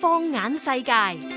放眼世界。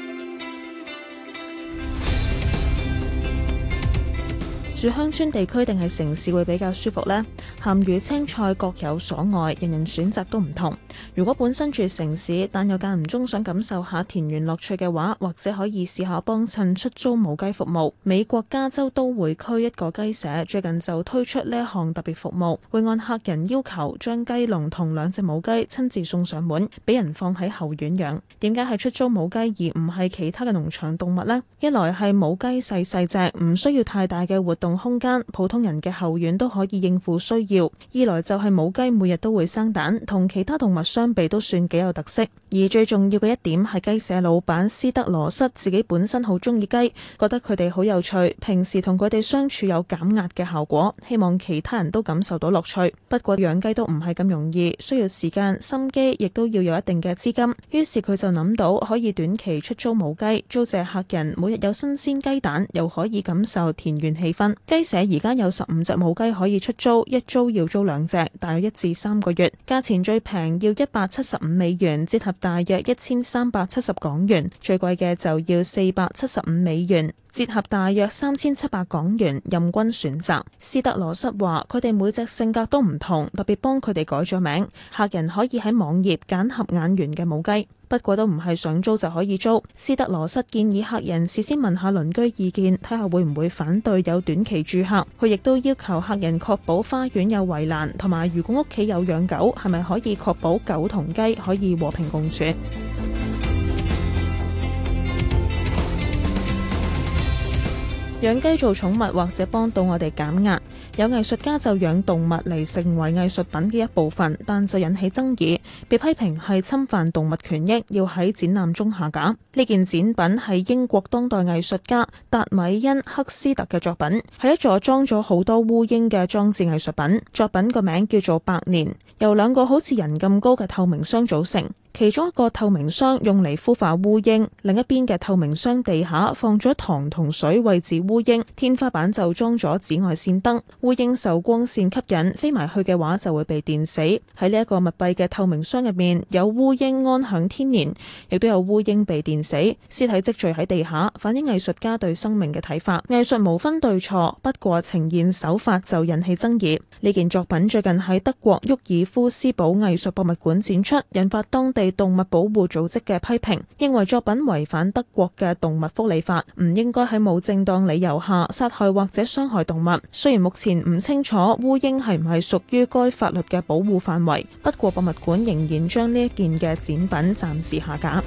住鄉村地區定係城市會比較舒服呢？鹹魚青菜各有所愛，人人選擇都唔同。如果本身住城市，但又間唔中想感受下田園樂趣嘅話，或者可以試下幫襯出租母雞服務。美國加州都會區一個雞舍最近就推出呢項特別服務，會按客人要求將雞籠同兩隻母雞親自送上門，俾人放喺後院養。點解係出租母雞而唔係其他嘅農場動物呢？一來係母雞細細隻，唔需要太大嘅活動用空間，普通人嘅後院都可以應付需要。二來就係母雞每日都會生蛋，同其他動物相比都算幾有特色。而最重要嘅一點係雞舍老闆斯德羅塞自己本身好中意雞，覺得佢哋好有趣，平時同佢哋相處有減壓嘅效果。希望其他人都感受到樂趣。不過養雞都唔係咁容易，需要時間、心機，亦都要有一定嘅資金。於是佢就諗到可以短期出租母雞，租借客人，每日有新鮮雞蛋，又可以感受田園氣氛。雞舍而家有十五隻母雞可以出租，一租要租兩隻，大約一至三個月，價錢最平要一百七十五美元，折合大約一千三百七十港元，最貴嘅就要四百七十五美元，折合大約三千七百港元。任君選擇。斯德羅瑟話：佢哋每隻性格都唔同，特別幫佢哋改咗名，客人可以喺網頁揀合眼緣嘅母雞。不過都唔係想租就可以租。斯德羅什建議客人事先問下鄰居意見，睇下會唔會反對有短期住客。佢亦都要求客人確保花園有圍欄，同埋如果屋企有養狗，係咪可以確保狗同雞可以和平共處。養雞做寵物或者幫到我哋減壓。有藝術家就養動物嚟，成為藝術品嘅一部分，但就引起爭議，被批評係侵犯動物權益，要喺展覽中下架。呢件展品係英國當代藝術家達米恩·赫斯特嘅作品，係一座裝咗好多烏蠅嘅裝置藝術品。作品個名叫做《百年》，由兩個好似人咁高嘅透明箱組成。其中一個透明箱用嚟孵化烏蠅，另一邊嘅透明箱地下放咗糖同水餵飼烏蠅，天花板就裝咗紫外線燈。烏蠅受光線吸引飛埋去嘅話就會被電死。喺呢一個密閉嘅透明箱入面，有烏蠅安享天年，亦都有烏蠅被電死，屍體積聚喺地下，反映藝術家對生命嘅睇法。藝術無分對錯，不過呈現手法就引起爭議。呢件作品最近喺德國沃爾夫斯堡藝術博物館展出，引發當地動物保護組織嘅批評，認為作品違反德國嘅動物福利法，唔應該喺冇正當理由下殺害或者傷害動物。雖然目前唔清楚烏蠅係唔係屬於該法律嘅保護範圍，不過博物館仍然將呢一件嘅展品暫時下架。